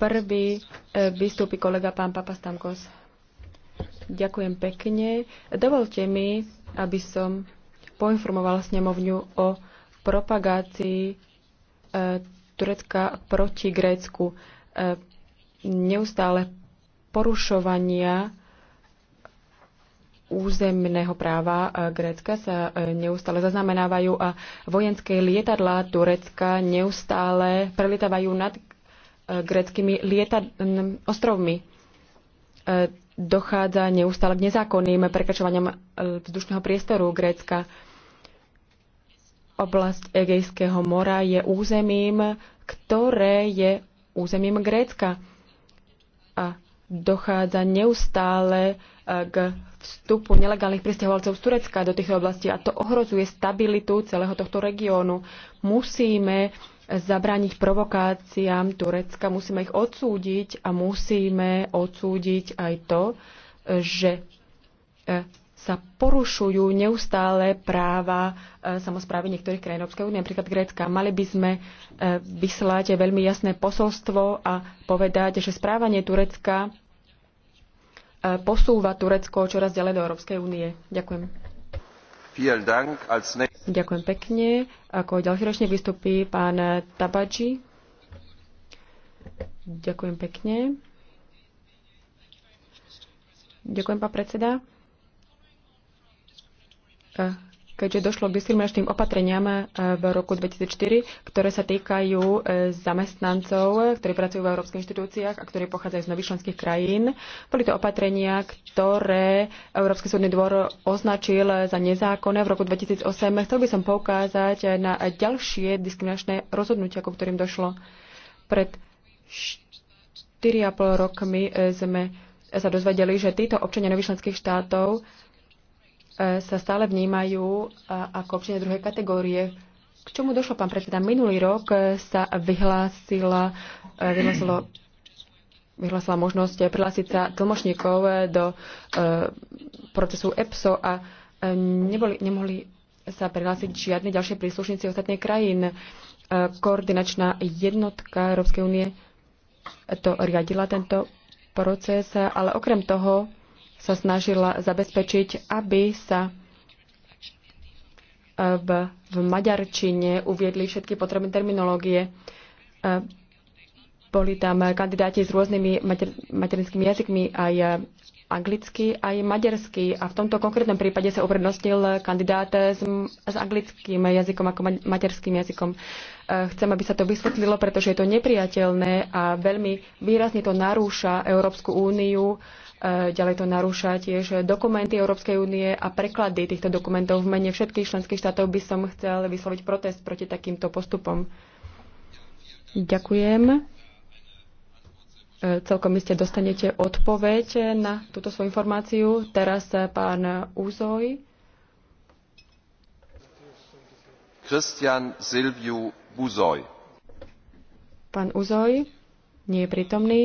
Prvý e, vystúpi kolega pán Papastamkos. Ďakujem pekne. Dovolte mi, aby som poinformovala snemovňu o propagácii e, Turecka proti Grécku. E, neustále porušovania územného práva Grécka sa neustále zaznamenávajú a vojenské lietadlá Turecka neustále prelietavajú nad greckými lieta, ostrovmi. E, dochádza neustále k nezákonným prekračovaniam e, vzdušného priestoru Grécka. Oblasť Egejského mora je územím, ktoré je územím Grécka. A dochádza neustále e, k vstupu nelegálnych pristahovalcov z Turecka do týchto oblastí a to ohrozuje stabilitu celého tohto regiónu. Musíme zabrániť provokáciám Turecka, musíme ich odsúdiť a musíme odsúdiť aj to, že e, sa porušujú neustále práva e, samozprávy niektorých krajín Európskej únie, napríklad Grécka. Mali by sme e, vyslať veľmi jasné posolstvo a povedať, že správanie Turecka posúva Turecko čoraz ďalej do Európskej únie. Ďakujem. Ďakujem pekne. Ako ďalší ročne vystupí pán Tabači. Ďakujem pekne. Ďakujem, pán predseda. Eh, keďže došlo k diskriminačným opatreniam e, v roku 2004, ktoré sa týkajú e, zamestnancov, e, ktorí pracujú v európskych inštitúciách a ktorí pochádzajú z nových členských krajín. Boli to opatrenia, ktoré Európsky súdny dvor označil za nezákonné v roku 2008. Chcel by som poukázať na ďalšie diskriminačné rozhodnutia, ku ktorým došlo pred 4,5 rokmi sme sa dozvedeli, že títo občania nových členských štátov sa stále vnímajú e, ako občania druhej kategórie. K čomu došlo, pán predseda? Minulý rok sa vyhlásila, e, vyhlásilo, vyhlásila možnosť prihlásiť sa tlmočníkov do e, procesu EPSO a neboli, nemohli sa prihlásiť žiadne ďalšie príslušníci ostatných krajín. Koordinačná jednotka Európskej únie to riadila tento proces, ale okrem toho sa snažila zabezpečiť, aby sa e, v, v maďarčine uviedli všetky potrebné terminológie. E, boli tam kandidáti s rôznymi mater, materinskými jazykmi, aj e, anglicky, aj maďarsky. A v tomto konkrétnom prípade sa uprednostnil kandidát s, s anglickým jazykom ako materským jazykom. Chcem, aby sa to vysvetlilo, pretože je to nepriateľné a veľmi výrazne to narúša Európsku úniu E, ďalej to narúša tiež dokumenty Európskej únie a preklady týchto dokumentov. V mene všetkých členských štátov by som chcel vysloviť protest proti takýmto postupom. Ďakujem. E, celkom iste dostanete odpoveď na túto svoju informáciu. Teraz pán Úzoj. Christian Silviu Buzoj. Pán Uzoj nie je prítomný.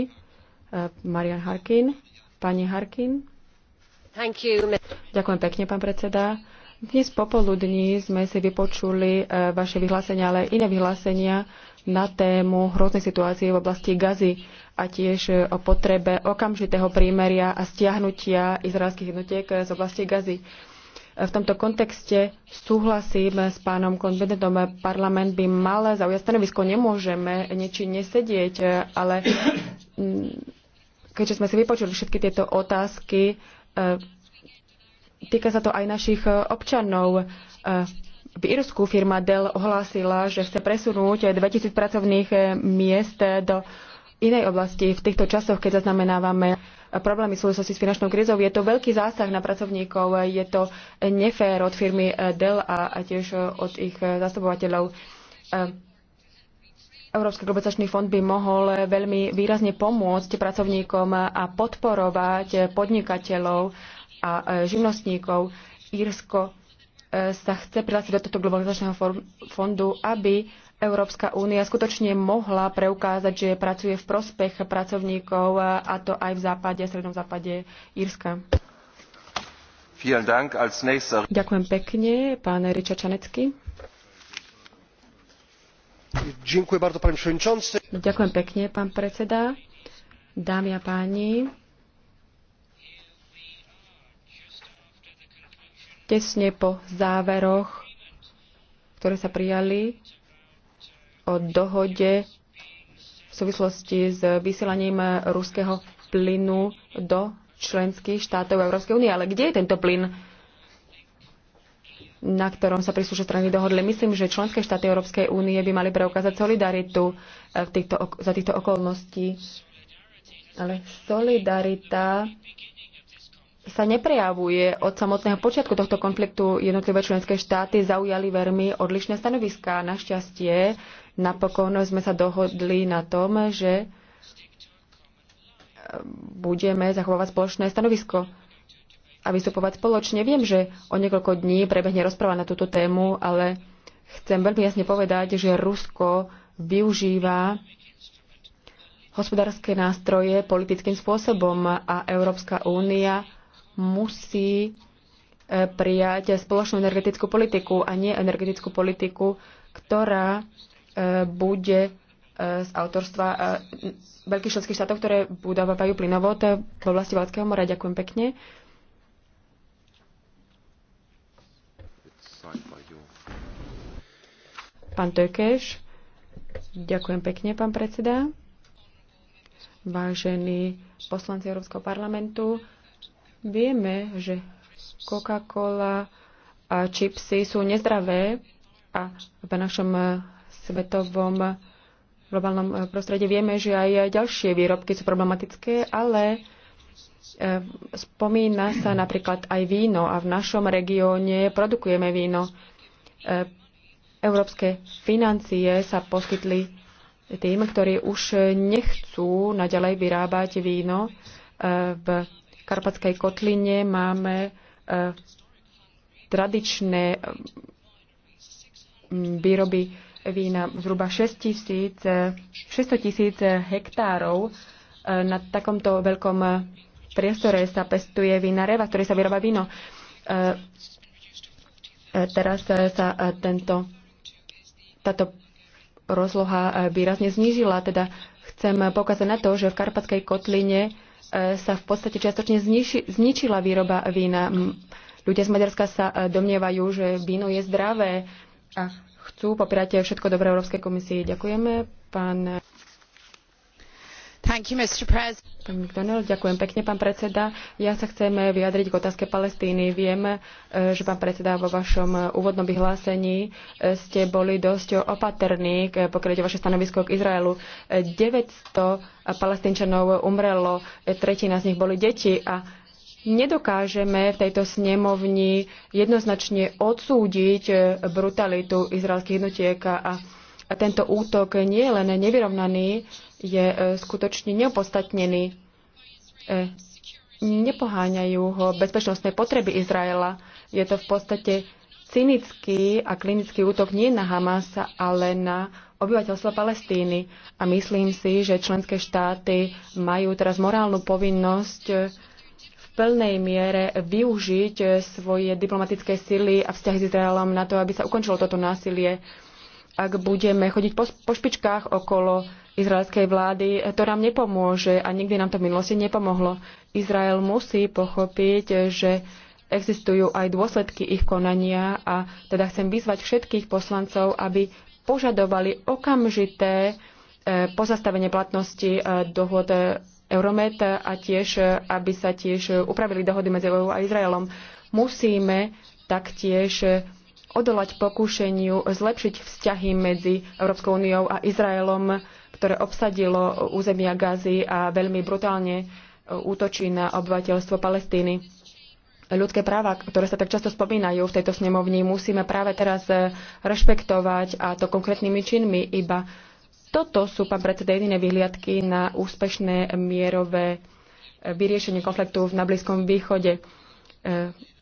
E, Marian Harkin. Pani Harkin. You, Ďakujem pekne, pán predseda. Dnes popoludní sme si vypočuli e, vaše vyhlásenia, ale iné vyhlásenia na tému hroznej situácie v oblasti Gazy a tiež e, o potrebe okamžitého prímeria a stiahnutia izraelských jednotiek e, z oblasti Gazy. V tomto kontexte súhlasím s pánom konventom. Parlament by mal zaujať stanovisko. Nemôžeme niečím nesedieť, ale keďže sme si vypočuli všetky tieto otázky, e, týka sa to aj našich e, občanov. E, v Irsku firma Dell ohlásila, že chce presunúť 2000 pracovných miest do inej oblasti. V týchto časoch, keď zaznamenávame problémy v súvislosti s finančnou krízou, je to veľký zásah na pracovníkov, je to nefér od firmy Dell a tiež od ich zastupovateľov Európsky globalizačný fond by mohol veľmi výrazne pomôcť pracovníkom a podporovať podnikateľov a e, živnostníkov. Írsko e, sa chce prihlásiť do tohto globalizačného fondu, aby Európska únia skutočne mohla preukázať, že pracuje v prospech pracovníkov e, a to aj v západe, v strednom západe Írska. Ďakujem pekne, pán Riča Čanecký. Ďakujem pekne, pán predseda. Dámy a páni, tesne po záveroch, ktoré sa prijali o dohode v súvislosti s vysielaním ruského plynu do členských štátov Európskej únie. Ale kde je tento plyn? na ktorom sa príslušné strany dohodli. Myslím, že členské štáty Európskej únie by mali preukázať solidaritu e, v týchto, za týchto okolností. Ale solidarita sa neprejavuje od samotného počiatku tohto konfliktu. Jednotlivé členské štáty zaujali veľmi odlišné stanoviská. Našťastie napokon sme sa dohodli na tom, že e, budeme zachovávať spoločné stanovisko a vystupovať spoločne. Viem, že o niekoľko dní prebehne rozpráva na túto tému, ale chcem veľmi jasne povedať, že Rusko využíva hospodárske nástroje politickým spôsobom a Európska únia musí e, prijať spoločnú energetickú politiku a nie energetickú politiku, ktorá e, bude e, z autorstva veľkých členských štátov, ktoré budovajú plynovod v oblasti Valtského mora. Ďakujem pekne. Pán Tökeš, ďakujem pekne, pán predseda. Vážení poslanci Európskeho parlamentu, vieme, že Coca-Cola a čipsy sú nezdravé a v našom svetovom globálnom prostredí vieme, že aj ďalšie výrobky sú problematické, ale E, spomína sa napríklad aj víno a v našom regióne produkujeme víno. E, európske financie sa poskytli tým, ktorí už nechcú naďalej vyrábať víno. E, v Karpatskej kotline máme tradičné výroby vína zhruba 600 tisíc hektárov na takomto veľkom priestore sa pestuje vína reva, ktorý sa vyrába víno. E, e, teraz e, sa tento, táto rozloha výrazne znížila. Teda chcem pokázať na to, že v Karpatskej kotline sa v podstate čiastočne zničila výroba vína. Ľudia z Maďarska sa domnievajú, že víno je zdravé a chcú popierať všetko dobré Európskej komisii. Ďakujeme, pán ďakujem pekne, pán predseda. Ja sa chcem vyjadriť k otázke Palestíny. Viem, e, že pán predseda vo vašom e, úvodnom vyhlásení e, ste boli dosť opatrní, pokiaľ ide vaše stanovisko k Izraelu. 900 palestínčanov umrelo, tretina z nich boli deti a nedokážeme v tejto snemovni jednoznačne odsúdiť brutalitu izraelských jednotiek a tento útok nie je len nevyrovnaný, je e, skutočne neopodstatnený. E, nepoháňajú ho bezpečnostné potreby Izraela. Je to v podstate cynický a klinický útok nie na Hamasa, ale na obyvateľstvo Palestíny. A myslím si, že členské štáty majú teraz morálnu povinnosť e, v plnej miere využiť svoje diplomatické sily a vzťahy s Izraelom na to, aby sa ukončilo toto násilie ak budeme chodiť po, po špičkách okolo izraelskej vlády, to nám nepomôže a nikdy nám to v minulosti nepomohlo. Izrael musí pochopiť, že existujú aj dôsledky ich konania a teda chcem vyzvať všetkých poslancov, aby požadovali okamžité e, pozastavenie platnosti e, dohod e, Euromed a tiež, aby sa tiež upravili dohody medzi EU a Izraelom. Musíme taktiež odolať pokúšeniu zlepšiť vzťahy medzi Európskou úniou a Izraelom, ktoré obsadilo územia Gazy a veľmi brutálne e, útočí na obyvateľstvo Palestíny. Ľudské práva, ktoré sa tak často spomínajú v tejto snemovni, musíme práve teraz e, rešpektovať a to konkrétnymi činmi. Iba toto sú, pán predseda, jediné vyhliadky na úspešné mierové e, vyriešenie konfliktu na Blízkom východe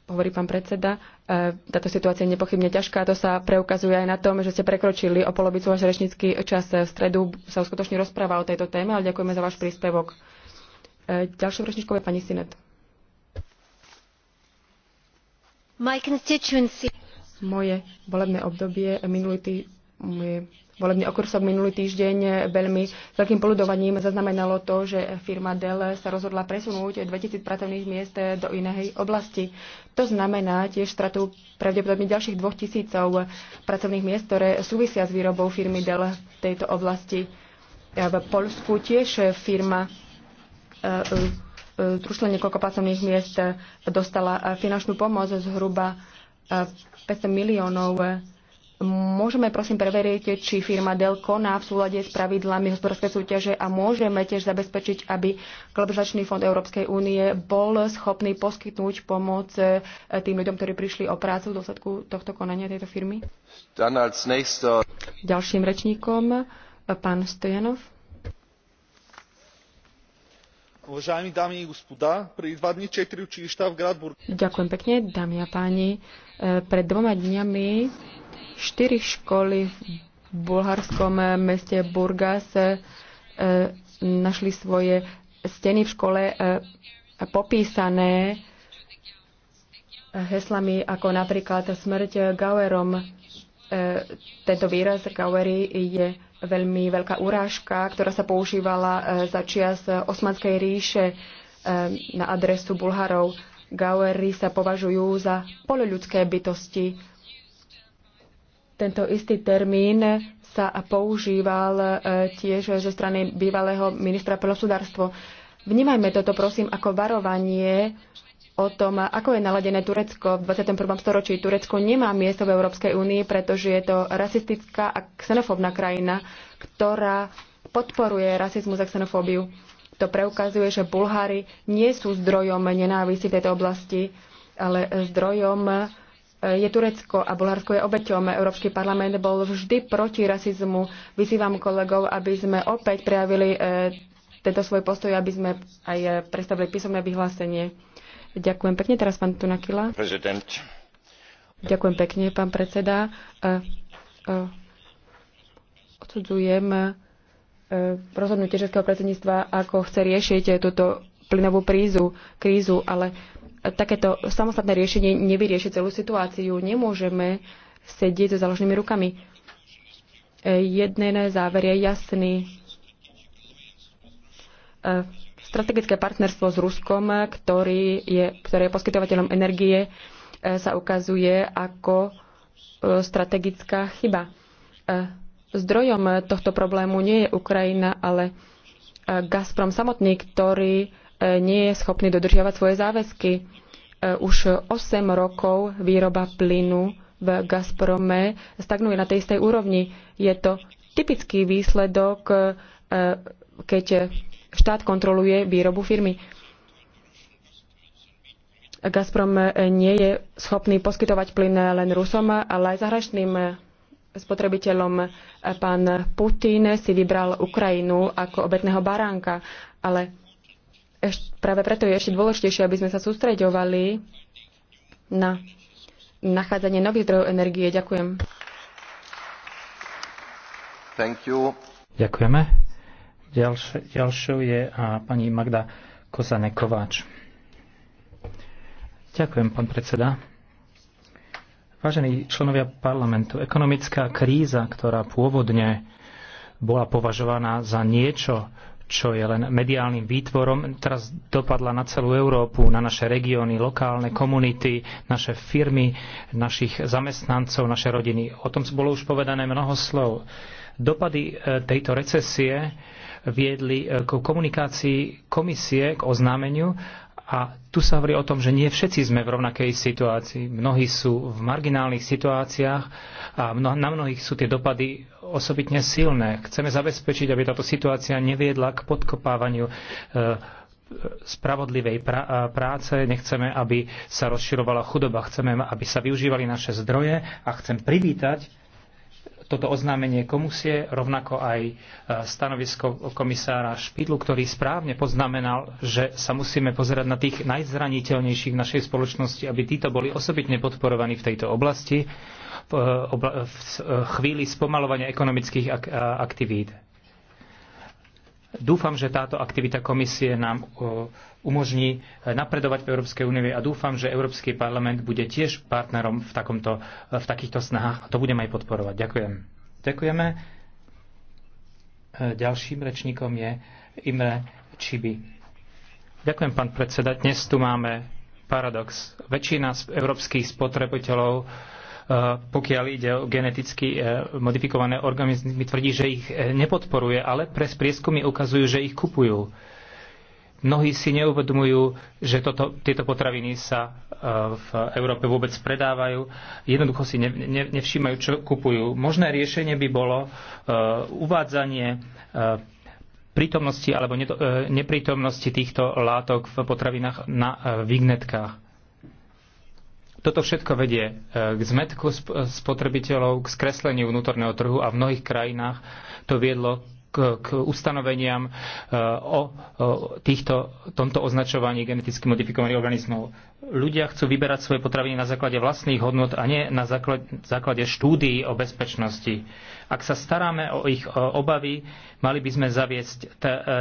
hovorí pán predseda, e, táto situácia je nepochybne ťažká. To sa preukazuje aj na tom, že ste prekročili o polovicu váš rečnícky čas. V stredu sa skutočne rozpráva o tejto téme, ale ďakujeme za váš príspevok. E, ďalšou rečníčkou je pani Sinet. Moje volebné obdobie minulý tý, volebný okrsok minulý týždeň veľmi veľkým poludovaním zaznamenalo to, že firma Dell sa rozhodla presunúť 2000 pracovných miest do inej oblasti. To znamená tiež stratu pravdepodobne ďalších 2000 pracovných miest, ktoré súvisia s výrobou firmy Dell v tejto oblasti. V Polsku tiež firma e, e, trušla niekoľko pracovných miest, dostala finančnú pomoc zhruba 500 e, miliónov Môžeme prosím preveriť, či firma Dell koná v súlade s pravidlami hospodárskej súťaže a môžeme tiež zabezpečiť, aby Globalizačný fond Európskej únie bol schopný poskytnúť pomoc e, tým ľuďom, ktorí prišli o prácu v dôsledku tohto konania tejto firmy. Ďalším rečníkom e, pán Stojanov. Уважаеми дами и господа, преди два дни четири училища в град Бургас. Ďakujem pekne, dámy a páni. E, pred dvoma dňami Štyri školy v bulharskom eh, meste Burgas eh, našli svoje steny v škole eh, popísané heslami ako napríklad smrť Gauerom. Tento výraz Gauery je veľmi veľká urážka, ktorá sa používala za čias Osmanskej ríše na adresu Bulharov. Gauery sa považujú za poloľudské bytosti tento istý termín sa používal e, tiež zo strany bývalého ministra pre hospodárstvo. Vnímajme toto, prosím, ako varovanie o tom, ako je naladené Turecko v 21. storočí. Turecko nemá miesto v Európskej únii, pretože je to rasistická a xenofóbna krajina, ktorá podporuje rasizmus a xenofóbiu. To preukazuje, že Bulhári nie sú zdrojom nenávisti v tejto oblasti, ale zdrojom je Turecko a Bulharsko je obeťom. Európsky parlament bol vždy proti rasizmu. Vyzývam kolegov, aby sme opäť prejavili e, tento svoj postoj, aby sme aj e, predstavili písomné vyhlásenie. Ďakujem pekne. Teraz pán Tunakila. Prezident. Ďakujem pekne, pán predseda. E, odsudzujem rozhodnutie českého predsedníctva, ako chce riešiť túto plynovú prízu, krízu, ale takéto samostatné riešenie nevyrieši celú situáciu. Nemôžeme sedieť so založenými rukami. Jeden záver je jasný. Strategické partnerstvo s Ruskom, ktorý je, ktoré je poskytovateľom energie, sa ukazuje ako e, strategická chyba. E, zdrojom tohto problému nie je Ukrajina, ale e, Gazprom samotný, ktorý nie je schopný dodržiavať svoje záväzky. E, už 8 rokov výroba plynu v Gazprome stagnuje na tej istej úrovni. Je to typický výsledok, e, keď štát kontroluje výrobu firmy. Gazprom nie je schopný poskytovať plyn len Rusom, ale aj zahraničným spotrebiteľom. Pán Putin si vybral Ukrajinu ako obetného baránka, ale Eš, práve preto je ešte dôležitejšie, aby sme sa sústreďovali na nachádzanie nových zdrojov energie. Ďakujem. Thank you. Ďakujeme. Ďalš, ďalšou je a pani Magda Kozanekováč. Ďakujem, pán predseda. Vážení členovia parlamentu, ekonomická kríza, ktorá pôvodne bola považovaná za niečo, čo je len mediálnym výtvorom, teraz dopadla na celú Európu, na naše regióny, lokálne komunity, naše firmy, našich zamestnancov, naše rodiny. O tom bolo už povedané mnoho slov. Dopady e, tejto recesie viedli e, k komunikácii komisie, k oznámeniu a tu sa hovorí o tom, že nie všetci sme v rovnakej situácii. Mnohí sú v marginálnych situáciách a mno, na mnohých sú tie dopady osobitne silné. Chceme zabezpečiť, aby táto situácia neviedla k podkopávaniu e, spravodlivej e, práce, nechceme, aby sa rozširovala chudoba, chceme, aby sa využívali naše zdroje a chcem privítať toto oznámenie komisie, rovnako aj e, stanovisko komisára Špidlu, ktorý správne poznamenal, že sa musíme pozerať na tých najzraniteľnejších v našej spoločnosti, aby títo boli osobitne podporovaní v tejto oblasti v e, e, chvíli spomalovania ekonomických aktivít. Dúfam, že táto aktivita komisie nám e, umožní e, napredovať v Európskej únii a dúfam, že Európsky parlament bude tiež partnerom v, takomto, e, v takýchto snahách a to budem aj podporovať. Ďakujem. Ďakujeme. Ďalším rečníkom je Imre Čiby. Ďakujem, pán predseda. Dnes tu máme paradox. Väčšina európskych spotrebiteľov pokiaľ ide o geneticky e, modifikované organizmy, tvrdí, že ich e, nepodporuje, ale pres prieskumy ukazujú, že ich kupujú. Mnohí si neuvedomujú, že toto, tieto potraviny sa e, v Európe vôbec predávajú. Jednoducho si ne, ne, nevšímajú, čo kupujú. Možné riešenie by bolo uvádzanie prítomnosti alebo neprítomnosti týchto látok v potravinách na vignetkách. Toto všetko vedie e, k zmetku spotrebiteľov, k skresleniu vnútorného trhu a v mnohých krajinách to viedlo k, k ustanoveniam e, o, týchto, tomto označovaní geneticky modifikovaných organizmov. Ľudia chcú vyberať svoje potraviny na základe vlastných hodnot a nie na základe, základe štúdií o bezpečnosti. Ak sa staráme o ich e, obavy, mali by sme zaviesť e,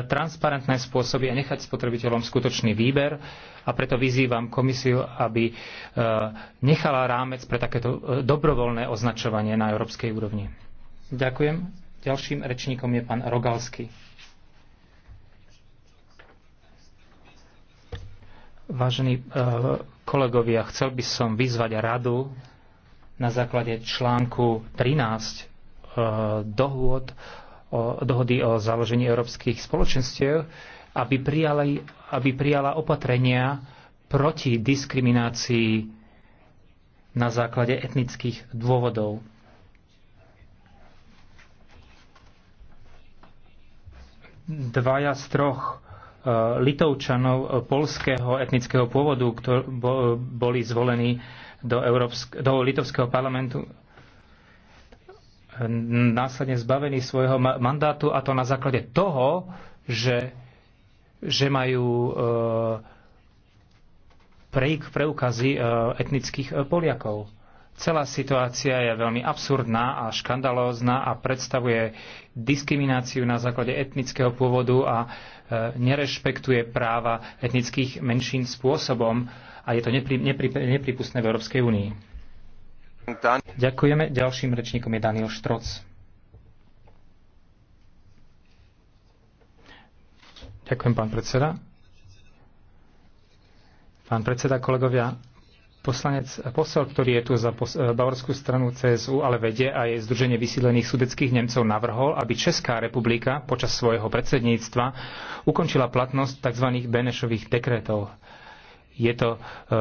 transparentné spôsoby a nechať spotrebiteľom skutočný výber a preto vyzývam komisiu, aby nechala rámec pre takéto dobrovoľné označovanie na európskej úrovni. Ďakujem. Ďalším rečníkom je pán Rogalsky. Vážení eh, kolegovia, chcel by som vyzvať radu na základe článku 13 eh, dohod, dohody o založení európskych spoločenstiev, aby, prijali, aby prijala opatrenia proti diskriminácii na základe etnických dôvodov. dvaja z troch e, litovčanov e, polského etnického pôvodu, ktorí boli zvolení do, Európsk- do litovského parlamentu, e, následne zbavení svojho mandátu a to na základe toho, že, že majú preukazy etnických Poliakov Celá situácia je veľmi absurdná a škandalózna a predstavuje diskrimináciu na základe etnického pôvodu a e, nerešpektuje práva etnických menšín spôsobom a je to nepri, nepri, nepripustné v Európskej únii. Ďakujeme. Ďalším rečníkom je Daniel Štroc. Ďakujem, pán predseda. Pán predseda, kolegovia, Poslanec eh, posel, ktorý je tu za eh, bavorskú stranu CSU, ale vedie aj Združenie vysídlených sudeckých Nemcov navrhol, aby Česká republika počas svojho predsedníctva ukončila platnosť tzv. Benešových dekretov. Je to eh,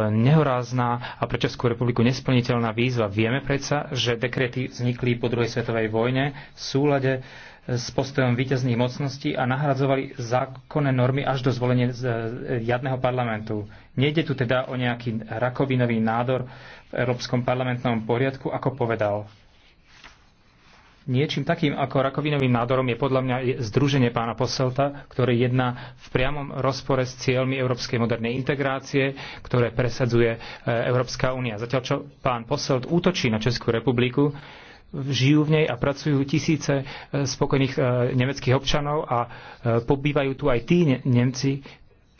nehorázná a pre Českú republiku nesplniteľná výzva. Vieme predsa, že dekrety vznikli po druhej svetovej vojne v súlade s postojom víťazných mocností a nahradzovali zákonné normy až do zvolenia jadného e, parlamentu. Nejde tu teda o nejaký rakovinový nádor v Európskom parlamentnom poriadku, ako povedal. Niečím takým ako rakovinovým nádorom je podľa mňa združenie pána Poselta, ktoré jedná v priamom rozpore s cieľmi európskej modernej integrácie, ktoré presadzuje e, Európska únia. Zatiaľ čo pán Poselt útočí na Českú republiku, žijú v nej a pracujú tisíce e, spokojných e, nemeckých občanov a e, pobývajú tu aj tí Nemci,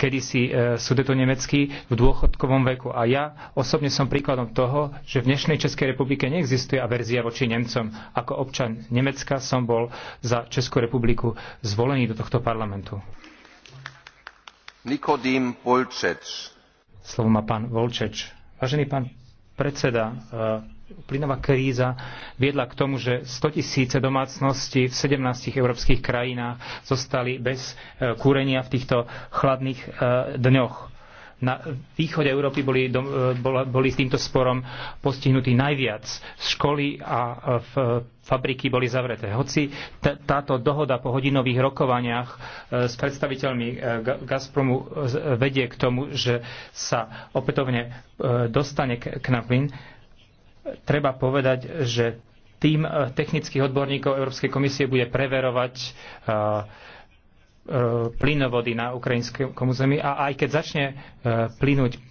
kedysi sudeto nemecký v dôchodkovom veku. A ja osobne som príkladom toho, že v dnešnej Českej republike neexistuje averzia voči Nemcom. Ako občan Nemecka som bol za Českú republiku zvolený do tohto parlamentu. Nikodým Volčeč. Slovo má pán Volčeč. Vážený pán predseda, plynová kríza viedla k tomu, že 100 tisíce domácností v 17 európskych krajinách zostali bez e, kúrenia v týchto chladných e, dňoch. Na východe Európy boli, e, boli s týmto sporom postihnutí najviac. Školy a fabriky boli zavreté. Hoci táto dohoda po hodinových rokovaniach s predstaviteľmi Gazpromu vedie k tomu, že sa opätovne dostane k, k na plyn, treba povedať, že tým eh, technických odborníkov Európskej komisie bude preverovať eh, eh, plynovody na ukrajinskom území a aj keď začne plynúť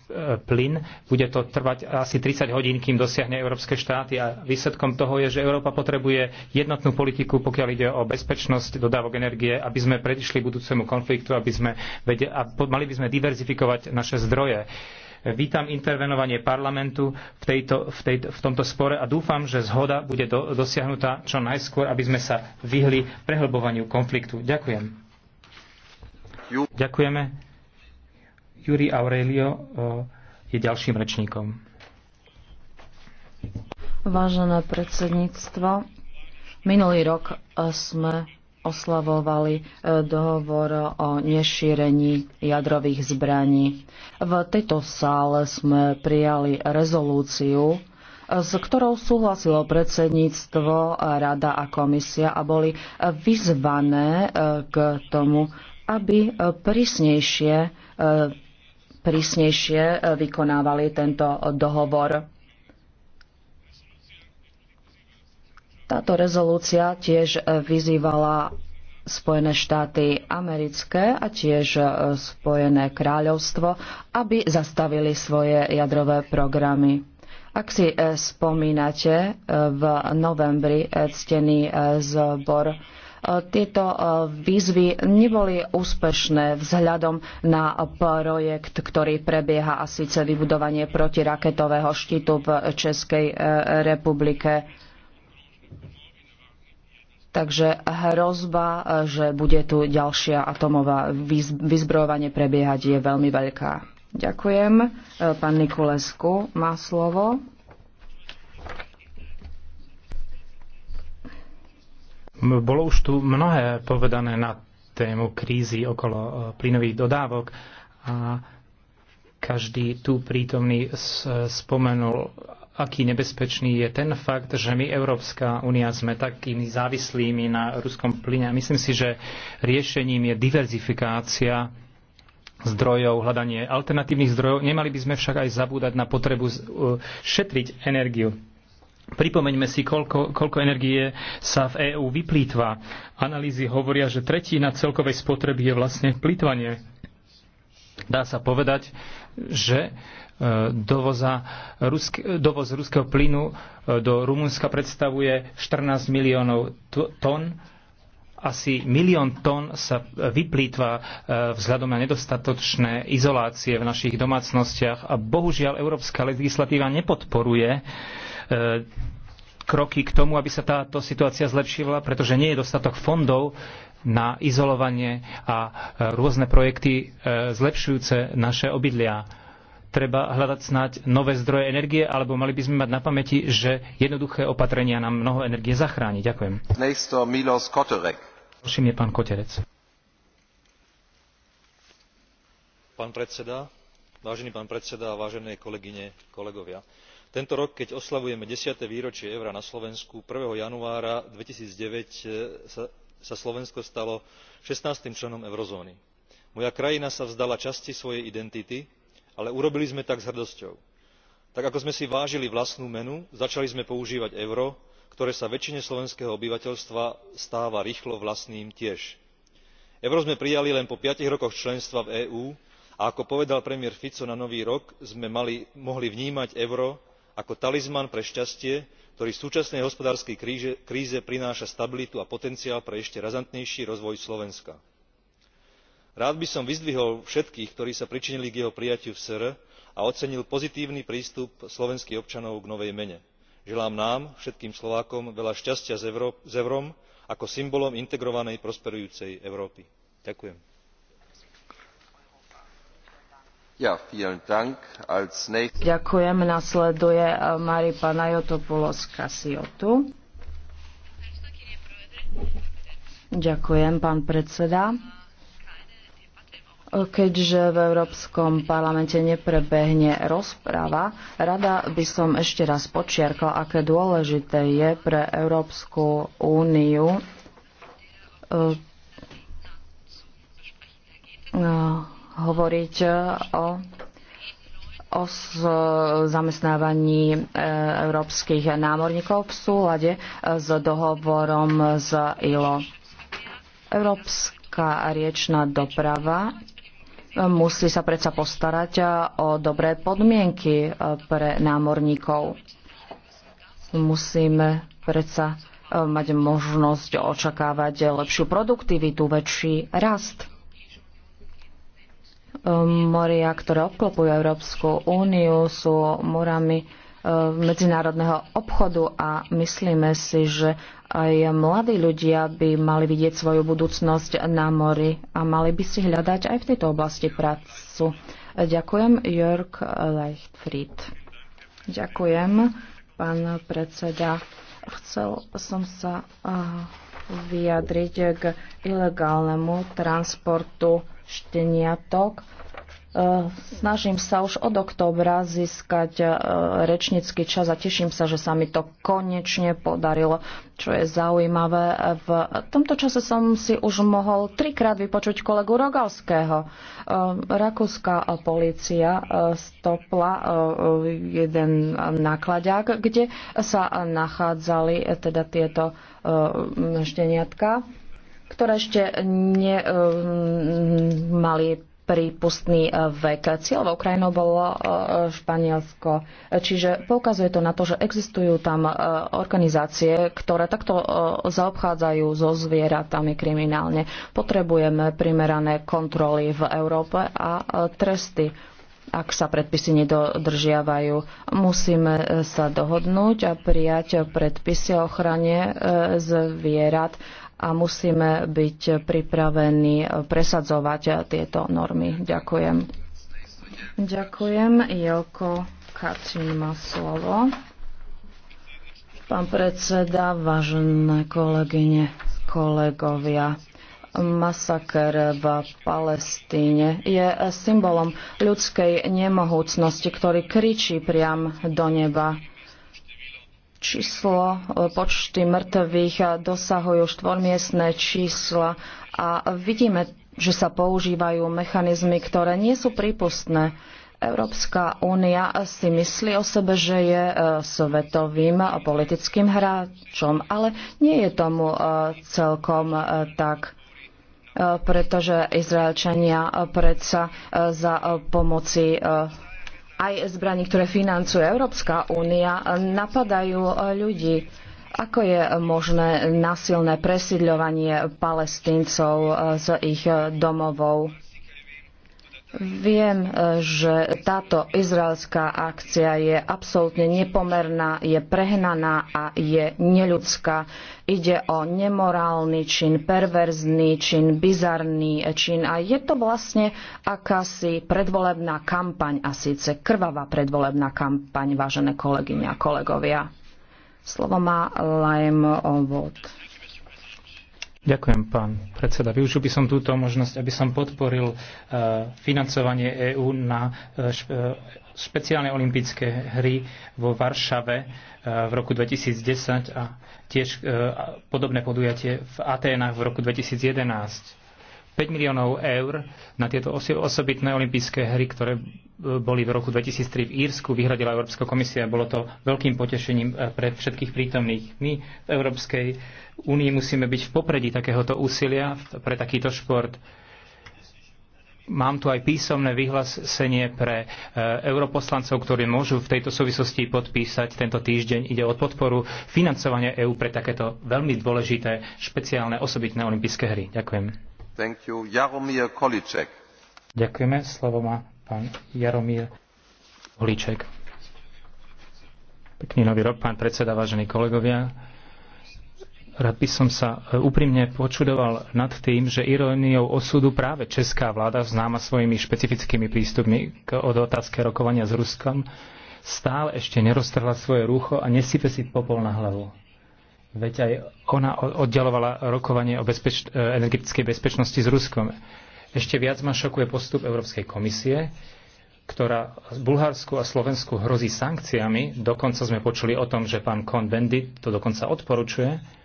plyn, bude to trvať asi 30 hodín, kým dosiahne európske štáty a výsledkom toho je, že Európa potrebuje jednotnú politiku, pokiaľ ide o bezpečnosť dodávok energie, aby sme predišli budúcemu konfliktu, aby sme vedeli, a mali by sme diverzifikovať naše zdroje Vítam intervenovanie parlamentu v, tejto, v, tejto, v tomto spore a dúfam, že zhoda bude do, dosiahnutá čo najskôr, aby sme sa vyhli prehlbovaniu konfliktu. Ďakujem. Ďakujeme. Juri Aurelio je ďalším rečníkom. Vážené predsedníctvo, minulý rok sme oslavovali e, dohovor o nešírení jadrových zbraní. V tejto sále sme prijali rezolúciu, s ktorou súhlasilo predsedníctvo, rada a komisia a boli vyzvané e, k tomu, aby e, prísnejšie, prísnejšie vykonávali tento dohovor. Táto rezolúcia tiež e, vyzývala Spojené štáty americké a tiež e, Spojené kráľovstvo, aby zastavili svoje jadrové programy. Ak si e, spomínate, v novembri ctený zbor tieto výzvy neboli úspešné vzhľadom na projekt, ktorý prebieha a síce vybudovanie protiraketového štítu v Českej republike Takže hrozba, že bude tu ďalšia atomová vyzbrojovanie prebiehať, je veľmi veľká. Ďakujem. Pán Nikulesku má slovo. Bolo už tu mnohé povedané na tému krízy okolo e, plynových dodávok a každý tu prítomný e, spomenul aký nebezpečný je ten fakt, že my, Európska únia, sme takými závislými na ruskom plyne. Myslím si, že riešením je diverzifikácia zdrojov, hľadanie alternatívnych zdrojov. Nemali by sme však aj zabúdať na potrebu šetriť energiu. Pripomeňme si, koľko, koľko energie sa v EÚ vyplýtva. Analýzy hovoria, že tretina celkovej spotreby je vlastne plýtvanie. Dá sa povedať, že E, dovoza, rusk, dovoz ruského plynu e, do Rumunska predstavuje 14 miliónov tón. Asi milión tón sa vyplýtva e, vzhľadom na nedostatočné izolácie v našich domácnostiach a bohužiaľ európska legislatíva nepodporuje kroky k tomu, aby sa táto situácia zlepšila, pretože nie je dostatok fondov na izolovanie a rôzne projekty zlepšujúce naše obydlia treba hľadať snáď nové zdroje energie, alebo mali by sme mať na pamäti, že jednoduché opatrenia nám mnoho energie zachráni. Ďakujem. Ďalším je pán Koterec. Pán predseda, vážený pán predseda, vážené kolegyne, kolegovia. Tento rok, keď oslavujeme 10. výročie eura na Slovensku, 1. januára 2009 e, sa, sa Slovensko stalo 16. členom eurozóny. Moja krajina sa vzdala časti svojej identity, ale urobili sme tak s hrdosťou. tak ako sme si vážili vlastnú menu začali sme používať euro ktoré sa väčšine slovenského obyvateľstva stáva rýchlo vlastným tiež. euro sme prijali len po piatich rokoch členstva v eú a ako povedal premiér fico na nový rok sme mohli vnímať euro ako talizman pre šťastie ktorý v súčasnej hospodárskej kríze prináša stabilitu a potenciál pre ešte razantnejší rozvoj slovenska rád by som vyzdvihol všetkých ktorí sa pričinili k jeho prijatiu v sr a ocenil pozitívny prístup slovenských občanov k novej mene. želám nám všetkým slovákom veľa šťastia s eurom ako symbolom integrovanej prosperujúcej európy. ďakujem. Eh, pán predseda. Keďže v Európskom parlamente neprebehne rozprava, rada by som ešte raz počiarkla, aké dôležité je pre Európsku úniu eh, eh, hovoriť eh, o o zamestnávaní európskych námorníkov v súlade s dohovorom z ILO. Európska riečná doprava Musí sa predsa postarať eh, o dobré podmienky eh, pre námorníkov. Musíme predsa eh, mať možnosť očakávať lepšiu produktivitu, väčší rast. Moria, ktoré obklopujú Európsku úniu, sú morami Eh, medzinárodného obchodu a myslíme si, že aj mladí ľudia by mali vidieť svoju budúcnosť na mori a mali by si hľadať aj v tejto oblasti prácu. Ďakujem, Jörg Leichtfried. Ďakujem, pán predseda. Chcel som sa eh, vyjadriť k ilegálnemu transportu šteniatok Eh, snažím sa už od októbra získať eh, rečnícky čas a teším sa, že sa mi to konečne podarilo, čo je zaujímavé. V tomto čase som si už mohol trikrát vypočuť kolegu Rogalského. Eh, rakúska policia stopla jeden nákladák, kde sa nachádzali teda tieto šteniatka ktoré ešte nemali prípustný e, vek. Cieľovou krajinou bolo e, Španielsko. Čiže poukazuje to na to, že existujú tam e, organizácie, ktoré takto zaobchádzajú so zvieratami kriminálne. Potrebujeme primerané kontroly v Európe a tresty ak sa predpisy nedodržiavajú. Musíme sa dohodnúť a prijať predpisy o ochrane zvierat a musíme byť pripravení presadzovať tieto normy. Ďakujem. Ďakujem. Jelko Kacin má slovo. Pán predseda, vážené kolegyne, kolegovia, masaker v Palestíne je symbolom ľudskej nemohúcnosti, ktorý kričí priam do neba. Číslo e, počty mŕtvych e, dosahujú štvormiestne čísla a vidíme, že sa používajú mechanizmy, ktoré nie sú prípustné. Európska únia si myslí o sebe, že je e, svetovým politickým hráčom, ale nie je tomu celkom tak pretože Izraelčania predsa za pomoci aj zbraní, ktoré financuje Európska únia, napadajú ľudí. Ako je možné nasilné presídľovanie palestíncov z ich domovov? Viem, e, že táto izraelská akcia je absolútne nepomerná, je prehnaná a je neľudská. Ide o nemorálny čin, perverzný čin, bizarný čin a je to vlastne akási predvolebná kampaň a síce krvavá predvolebná kampaň, vážené kolegyne a kolegovia. Slovo má Lajm Ovod. Ďakujem, pán predseda. Využil by som túto možnosť, aby som podporil e, financovanie EÚ na e, e, špeciálne olympijské hry vo Varšave v roku 2010 a tiež podobné podujatie v Aténach v roku 2011 5 miliónov eur na tieto osobitné olympijské hry, ktoré e, boli v roku 2003 v Írsku, vyhradila Európska komisia. Bolo to veľkým potešením e, pre všetkých prítomných. My v Európskej únii musíme byť v popredí takéhoto úsilia pre takýto šport. Mám tu aj písomné vyhlásenie pre e, europoslancov, ktorí môžu v tejto súvislosti podpísať tento týždeň. Ide o podporu financovania EÚ pre takéto veľmi dôležité špeciálne osobitné olympijské hry. Ďakujem. Thank you. Jaromír Količek. Ďakujeme. Slovo má pán Jaromír Količek. Pekný nový rok, pán predseda, vážení kolegovia. Rád by som sa e, úprimne počudoval nad tým, že iróniou osudu práve česká vláda, známa svojimi špecifickými prístupmi k, od otázke rokovania s Ruskom, stále ešte neroztrhla svoje rucho a nesype si popol na hlavu Veď aj ona oddialovala rokovanie o bezpeč- e, energetickej bezpečnosti s Ruskom. Ešte viac ma šokuje postup Európskej komisie, ktorá Bulharsku a Slovensku hrozí sankciami. Dokonca sme počuli o tom, že pán Kon Bendit to dokonca odporučuje,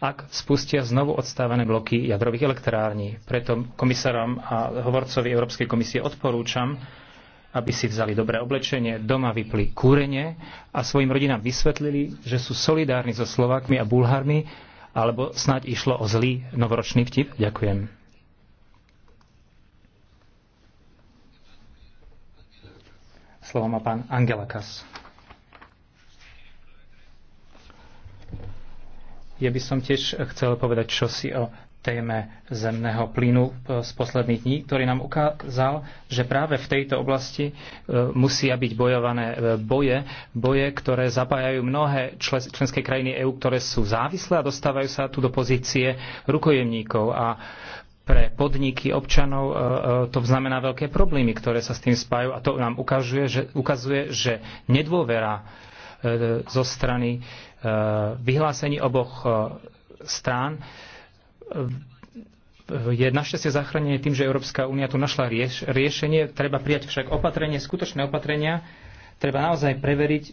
ak spustia znovu odstávané bloky jadrových elektrární. Preto komisárom a hovorcovi Európskej komisie odporúčam, aby si vzali dobré oblečenie, doma vypli kúrenie a svojim rodinám vysvetlili, že sú solidárni so Slovakmi a Bulharmi, alebo snáď išlo o zlý novoročný vtip? Ďakujem. Slovo má pán Angelakas. Ja by som tiež chcel povedať čosi o téme zemného plynu e, z posledných dní, ktorý nám ukázal, že práve v tejto oblasti e, musia byť bojované e, boje, boje, ktoré zapájajú mnohé členské krajiny EÚ, ktoré sú závislé a dostávajú sa tu do pozície rukojemníkov. A pre podniky občanov to znamená veľké problémy, ktoré sa s tým spájajú a to nám ukazuje, že, ukazuje, že nedôvera zo strany vyhlásení oboch strán je našťastie zachránenie tým, že Európska únia tu našla rieš, riešenie. Treba prijať však opatrenie, skutočné opatrenia. Treba naozaj preveriť,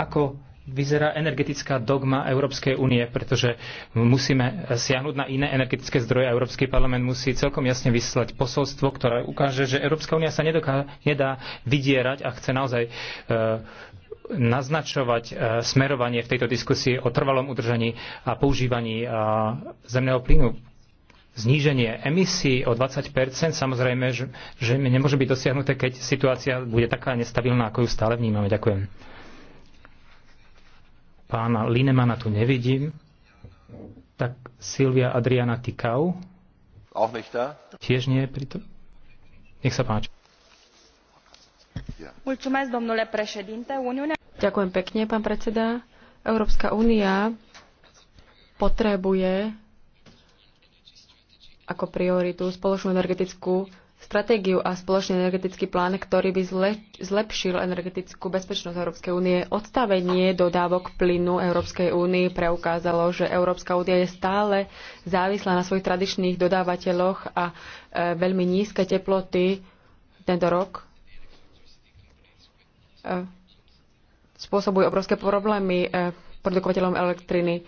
ako vyzerá energetická dogma Európskej únie, pretože musíme siahnuť na iné energetické zdroje a Európsky parlament musí celkom jasne vyslať posolstvo, ktoré ukáže, že Európska únia sa nedoká, nedá vydierať a chce naozaj e, naznačovať e, smerovanie v tejto diskusii o trvalom udržaní a používaní e, zemného plynu. Zníženie emisí o 20 samozrejme, že nemôže byť dosiahnuté, keď situácia bude taká nestabilná, ako ju stále vnímame. Ďakujem. Pána Linemana tu nevidím. Tak Silvia Adriana Tikau. Auch nicht da. Tiež nie je pritom. Nech sa páči Mulțumesc, domnule președinte. uniunea Ďakujem pekne, pán predseda. Európska únia potrebuje ako prioritu spoločnú energetickú stratégiu a spoločný energetický plán, ktorý by zlepšil energetickú bezpečnosť Európskej únie. Odstavenie dodávok plynu Európskej únii preukázalo, že Európska únia je stále závislá na svojich tradičných dodávateľoch a e, veľmi nízke teploty tento rok e, spôsobujú obrovské problémy eh, produkovateľom elektriny.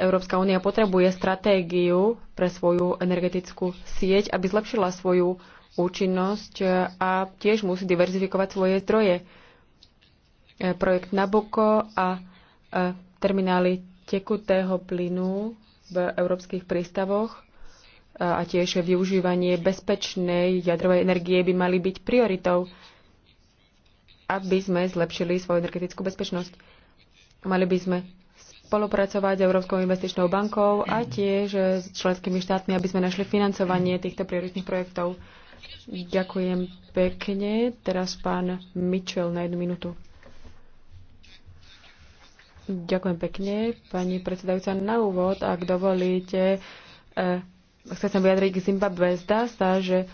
Európska únia potrebuje stratégiu pre svoju energetickú sieť, aby zlepšila svoju účinnosť eh, a tiež musí diverzifikovať svoje zdroje. Eh, projekt Nabucco a terminály tekutého plynu v európskych prístavoch a tiež využívanie bezpečnej jadrovej energie by mali byť prioritou aby sme zlepšili svoju energetickú bezpečnosť. Mali by sme spolupracovať s Európskou investičnou bankou a tiež s členskými štátmi, aby sme našli financovanie týchto prioritných projektov. Ďakujem pekne. Teraz pán Mitchell na jednu minútu. Ďakujem pekne, pani predsedajúca. Na úvod, ak dovolíte, eh, chcem vyjadriť k Zimbabwe. Zdá sa, že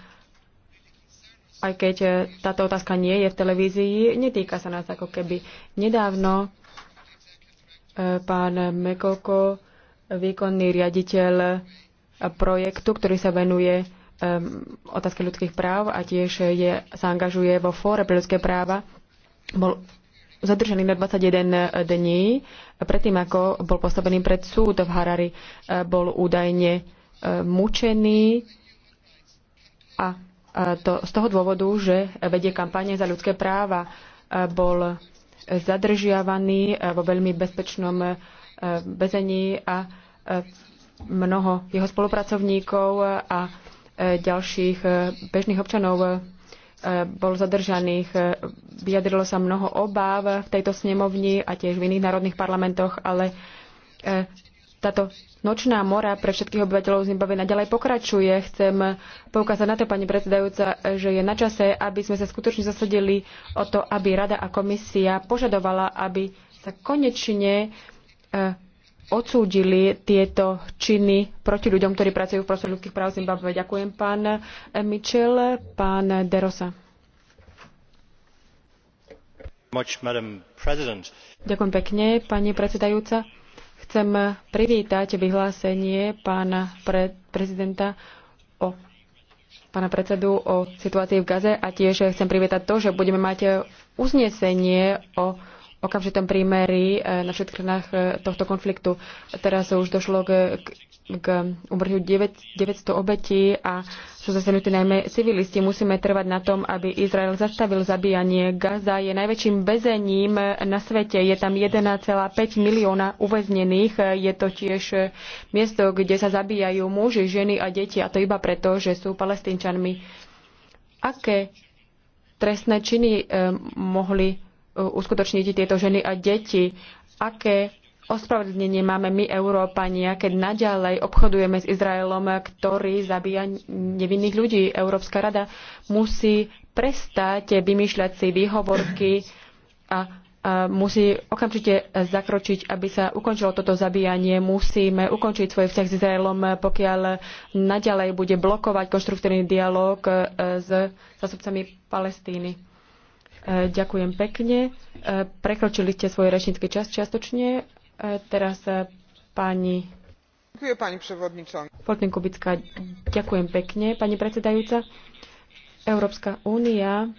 aj keď e, táto otázka nie je v televízii, netýka sa nás ako keby. Nedávno e, pán Mekoko, výkonný riaditeľ projektu, ktorý sa venuje e, otázke ľudských práv a tiež je, sa angažuje vo fóre pre ľudské práva, bol zadržaný na 21 dní. Predtým, ako bol postavený pred súd v Harari, bol údajne mučený a to, z toho dôvodu, že vedie kampane za ľudské práva. E, bol zadržiavaný e, vo veľmi bezpečnom e, väzení a mnoho jeho spolupracovníkov a ďalších bežných občanov bol zadržaných. Vyjadrilo sa mnoho obáv v tejto snemovni a tiež v iných národných parlamentoch, ale táto nočná mora pre všetkých obyvateľov Zimbabwe naďalej pokračuje. Chcem poukázať na to, pani predsedajúca, že je na čase, aby sme sa skutočne zasadili o to, aby Rada a komisia požadovala, aby sa konečne e, odsúdili tieto činy proti ľuďom, ktorí pracujú v prostredí ľudských práv Zimbabwe. Ďakujem pán e, Mitchell, pán e, Derosa. Ďakujem pekne, pani predsedajúca Chcem privítať vyhlásenie pána pre, prezidenta o pána predsedu o situácii v Gaze a tiež chcem privítať to, že budeme mať uznesenie o okamžitom prímeri e, na všetkých stranách e, tohto konfliktu. Teraz už došlo k, k, k 900 obetí a sú zasenutí najmä civilisti. Musíme trvať na tom, aby Izrael zastavil zabíjanie. Gaza je najväčším väzením na svete. Je tam 1,5 milióna uväznených. Je to tiež miesto, kde sa zabíjajú muži, ženy a deti. A to iba preto, že sú palestínčanmi. Aké trestné činy e, mohli uskutočniť tieto ženy a deti? Aké ospravedlnenie máme my, Európania, keď naďalej obchodujeme s Izraelom, ktorý zabíja nevinných ľudí? Európska rada musí prestať vymýšľať si výhovorky a musí okamžite zakročiť, aby sa ukončilo toto zabíjanie. Musíme ukončiť svoj vzťah s Izraelom, pokiaľ naďalej bude blokovať konštruktívny dialog e, s zastupcami Palestíny. E, ďakujem pekne. E, prekročili ste svoj rečnícky čas čiastočne. E, teraz pani Ďakujem, pani przewodnicząca. Fortin Kubická, ďakujem pekne. Pani predsedajúca, Európska únia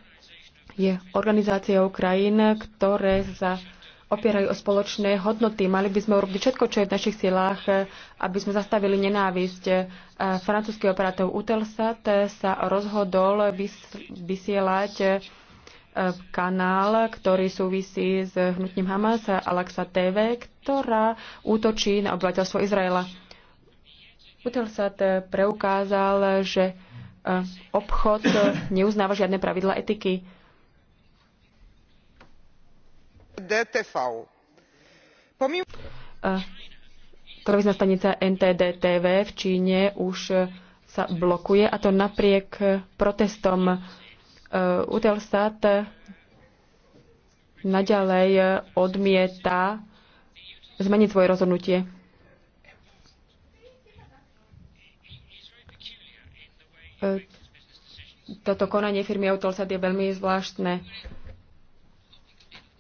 je organizáciou krajín, ktoré sa opierajú o spoločné hodnoty. Mali by sme urobiť všetko, čo je v našich silách, aby sme zastavili nenávisť. Francúzsky operátor Utelsat sa rozhodol vysielať kanál, ktorý súvisí s hnutím Hamas a TV, ktorá útočí na obyvateľstvo Izraela. Utelsat preukázal, že e, obchod neuznáva žiadne pravidla etiky. DTV. Pomimo... E, Televízna stanica NTDTV v Číne už sa blokuje a to napriek protestom Eh, Utelstat naďalej odmieta zmeniť svoje rozhodnutie. Eh, toto konanie firmy Eutelsat je veľmi zvláštne.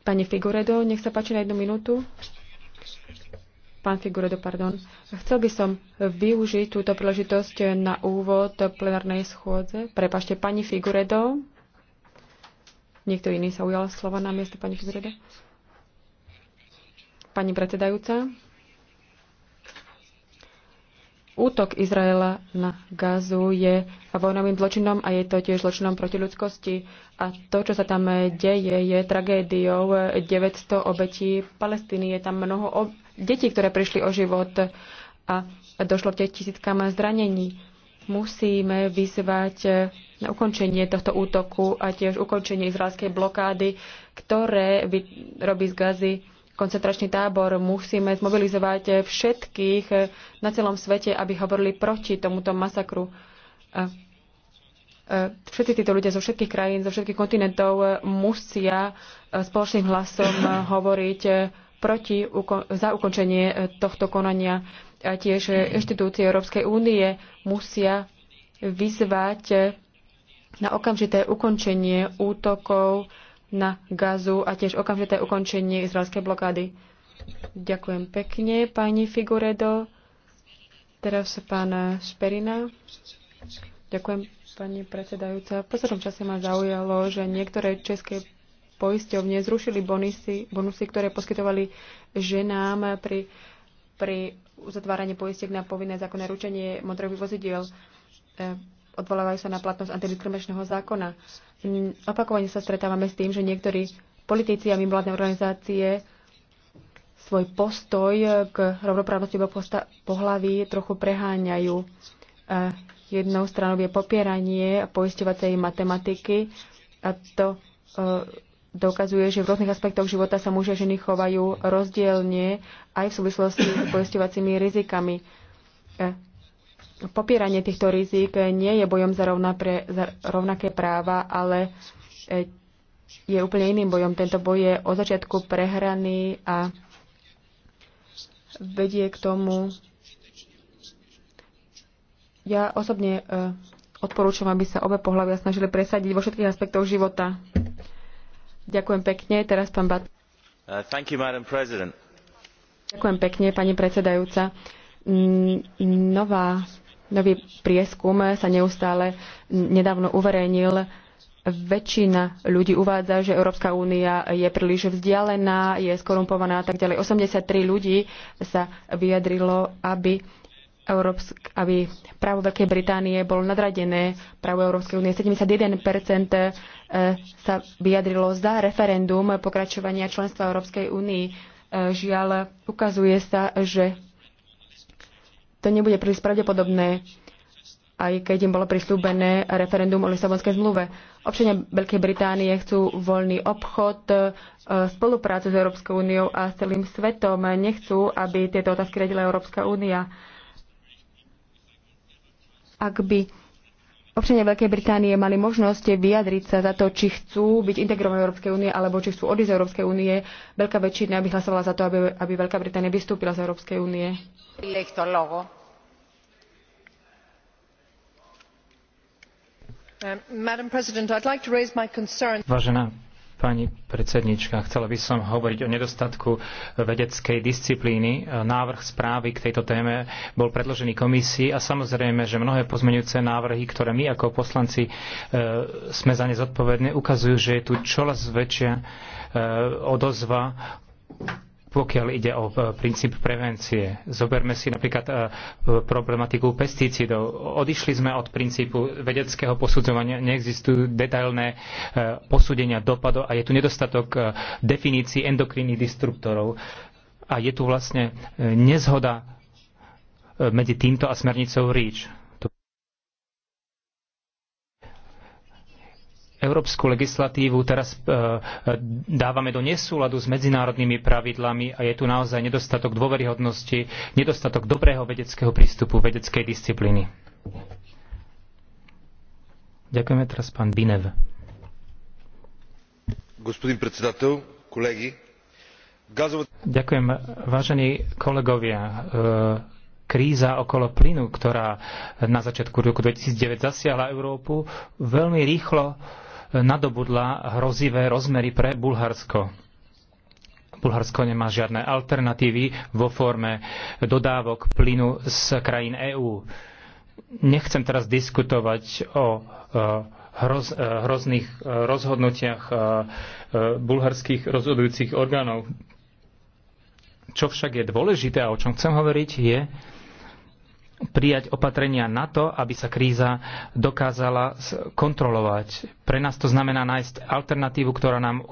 Pani Figuredo, nech sa páči na jednu minútu. Pán Figuredo, pardon. Chcel by som využiť túto príležitosť na úvod plenárnej schôdze. Prepašte, pani Figuredo. Niekto iný sa ujal slova na miesto pani Fizreda? Pani predsedajúca? Útok Izraela na Gazu je vojnovým zločinom a je to tiež zločinom proti ľudskosti. A to, čo sa tam deje, je tragédiou 900 obetí Palestíny. Je tam mnoho ob- detí, ktoré prišli o život a došlo k tisíckam zranení musíme vyzvať eh, na ukončenie tohto útoku a tiež ukončenie izraelskej blokády, ktoré robí z Gazy koncentračný tábor. Musíme zmobilizovať eh, všetkých eh, na celom svete, aby hovorili proti tomuto masakru. Všetci títo ľudia zo všetkých krajín, zo všetkých kontinentov musia spoločným hlasom hovoriť proti, za ukončenie tohto konania a tiež e, inštitúcie Európskej únie musia vyzvať e, na okamžité ukončenie útokov na gazu a tiež okamžité ukončenie izraelskej blokády. Ďakujem pekne, pani Figuredo. Teraz pán Šperina. Ďakujem, pani predsedajúca. V poslednom čase ma zaujalo, že niektoré české poisťovne zrušili bonusy, bonusy ktoré poskytovali ženám pri, pri uzatváranie poistiek na povinné zákonné ručenie motorových vozidiel. E, odvolávajú sa na platnosť antidiskriminačného zákona. Opakovane sa stretávame s tým, že niektorí politici a mimovládne organizácie svoj postoj k rovnoprávnosti pohlaví trochu preháňajú. E, jednou stranou je popieranie poisťovacej matematiky a to e, dokazuje, že v rôznych aspektoch života sa muži a ženy chovajú rozdielne aj v súvislosti s poisťovacími rizikami. E, popieranie týchto rizik nie je bojom za, rovnaké, za rovnaké práva, ale e, je úplne iným bojom. Tento boj je od začiatku prehraný a vedie k tomu. Ja osobne e, odporúčam, aby sa obe pohľavia snažili presadiť vo všetkých aspektoch života. Ďakujem pekne. Teraz pán Bat. Uh, you, Ďakujem pekne, pani predsedajúca. Nová, nový prieskum sa neustále nedávno uverejnil. Väčšina ľudí uvádza, že Európska únia je príliš vzdialená, je skorumpovaná a tak ďalej. 83 ľudí sa vyjadrilo, aby Európsk, aby právo Veľkej Británie bolo nadradené právo Európskej únie. 71% e, sa vyjadrilo za referendum pokračovania členstva Európskej únii. E, žiaľ, ukazuje sa, že to nebude príliš pravdepodobné, aj keď im bolo prislúbené referendum o Lisabonskej zmluve. Občania Veľkej Británie chcú voľný obchod, e, spoluprácu s Európskou úniou a s celým svetom. Nechcú, aby tieto otázky radila Európska únia ak by občania Veľkej Británie mali možnosť vyjadriť sa za to, či chcú byť integrované Európskej únie alebo či chcú odísť z Európskej únie. Veľká väčšina by hlasovala za to, aby, aby Veľká Británia vystúpila z Európskej únie. Um, Vážená Pani predsednička, chcela by som hovoriť o nedostatku vedeckej disciplíny. Návrh správy k tejto téme bol predložený komisii a samozrejme, že mnohé pozmeňujúce návrhy, ktoré my ako poslanci e, sme za ne zodpovedné, ukazujú, že je tu čoraz väčšia e, odozva pokiaľ ide o e, princíp prevencie. Zoberme si napríklad e, problematiku pesticídov. Odišli sme od princípu vedeckého posudzovania, neexistujú detailné e, posúdenia dopadov a je tu nedostatok definícií endokrinných disruptorov. A je tu vlastne nezhoda medzi týmto a smernicou REACH európsku legislatívu teraz e, e, dávame do nesúladu s medzinárodnými pravidlami a je tu naozaj nedostatok dôveryhodnosti, nedostatok dobrého vedeckého prístupu, vedeckej disciplíny. Ďakujeme teraz pán Binev. Gospodín predsedateľ, kolegy, gazov... Ďakujem, vážení kolegovia e, kríza okolo plynu, ktorá na začiatku roku 2009 zasiahla Európu, veľmi rýchlo nadobudla hrozivé rozmery pre Bulharsko. Bulharsko nemá žiadne alternatívy vo forme dodávok plynu z krajín EÚ. Nechcem teraz diskutovať o eh, hroz, eh, hrozných eh, rozhodnutiach bulharských rozhodujúcich orgánov. Čo však je dôležité a o čom chcem hovoriť, je, prijať opatrenia na to, aby sa kríza dokázala kontrolovať. Pre nás to znamená nájsť alternatívu, ktorá nám e,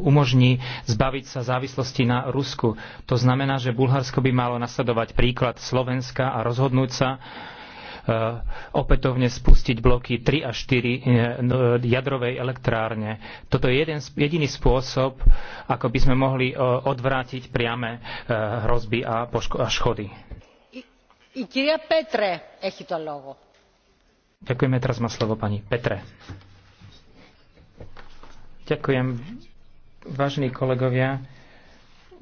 umožní zbaviť sa závislosti na Rusku. To znamená, že Bulharsko by malo nasledovať príklad Slovenska a rozhodnúť sa e, opätovne spustiť bloky 3 a 4 e, no, jadrovej elektrárne. Toto je jeden, jediný spôsob, ako by sme mohli odvrátiť priame hrozby a škody. Ďakujem, teraz má slovo pani Petre. Ďakujem, vážení kolegovia,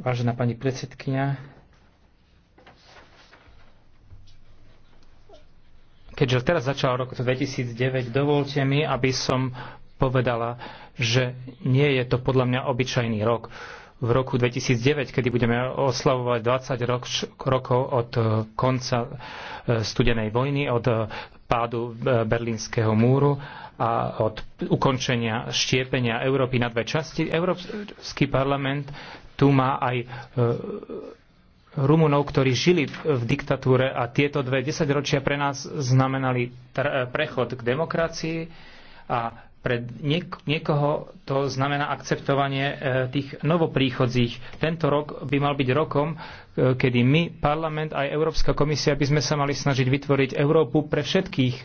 vážená pani predsedkynia. Keďže teraz začal rok 2009, dovolte mi, aby som povedala, že nie je to podľa mňa obyčajný rok v roku 2009, kedy budeme oslavovať 20 rokov od eh, konca eh, studenej vojny, od eh, pádu berlínskeho múru a od ukončenia štiepenia Európy na dve časti. Európsky parlament tu má aj Rumunov, ktorí žili v diktatúre a tieto dve desaťročia pre nás znamenali prechod k demokracii a pre niek- niekoho to znamená akceptovanie e, tých novopríchodzích. Tento rok by mal byť rokom, e, kedy my, parlament aj Európska komisia by sme sa mali snažiť vytvoriť Európu pre všetkých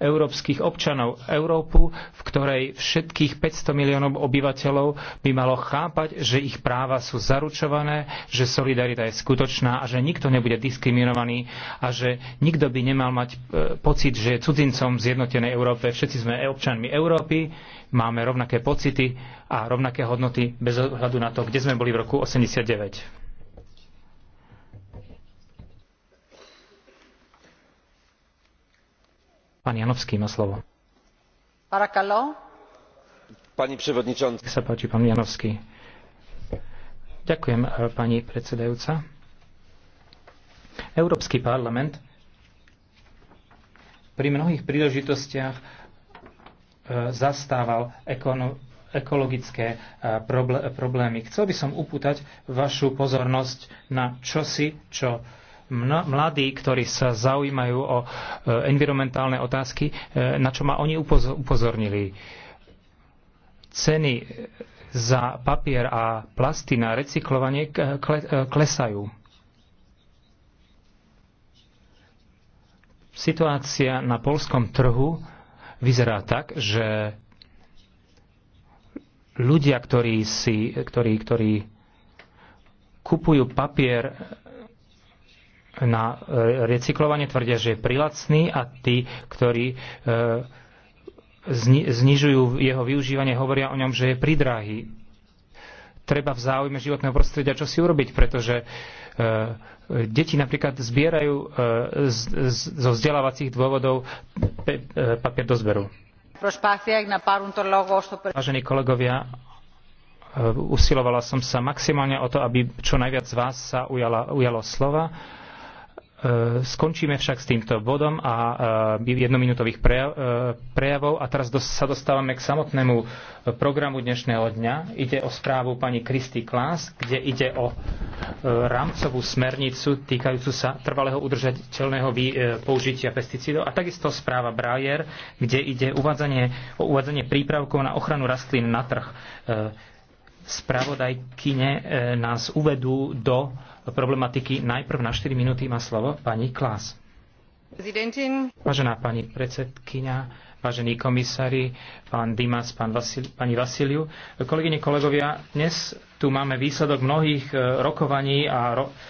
európskych občanov. Európu, v ktorej všetkých 500 miliónov obyvateľov by malo chápať, že ich práva sú zaručované, že solidarita je skutočná a že nikto nebude diskriminovaný a že nikto by nemal mať e, pocit, že je cudzincom v zjednotenej Európe. Všetci sme občanmi Európy, máme rovnaké pocity a rovnaké hodnoty bez ohľadu na to, kde sme boli v roku 89. Pán Janovský má slovo. Parakalo. Pani prevodničanka. sa páči, pán Janovský. Ďakujem, eh, pani predsedajúca. Európsky parlament pri mnohých príležitostiach eh, zastával ekono, ekologické eh, problémy. Chcel by som upútať vašu pozornosť na čosi, čo mladí, ktorí sa zaujímajú o e, environmentálne otázky, e, na čo ma oni upozornili. Ceny za papier a plasty na recyklovanie e, klesajú. Situácia na polskom trhu vyzerá tak, že ľudia, ktorí, si, ktorí, ktorí kupujú papier na e, recyklovanie tvrdia, že je prilacný a tí, ktorí e, znižujú jeho využívanie, hovoria o ňom, že je pridrahý. Treba v záujme životného prostredia čo si urobiť, pretože e, deti napríklad zbierajú zo vzdelávacích dôvodov papier do zberu. Vážení kolegovia, usilovala som sa maximálne o to, aby čo najviac z vás sa ujala, ujalo slova E, skončíme však s týmto bodom a e, jednominútových e, prejavov a teraz sa dostávame k samotnému programu dnešného dňa. Ide o správu pani Kristy Klás, kde ide o rámcovú smernicu týkajúcu sa trvalého udržateľného použitia pesticídov a takisto správa Brajer, kde ide uvádzanie, o uvádzanie prípravkov na ochranu rastlín na trh. Spravodajkyne nás uvedú do problematiky. Najprv na 4 minúty má slovo pani Klás. Prezidentin. Vážená pani predsedkynia, vážení komisári, pán Dimas, pán Vasil, pani Vasiliu, kolegyne, kolegovia, dnes tu máme výsledok mnohých eh, rokovaní a ro-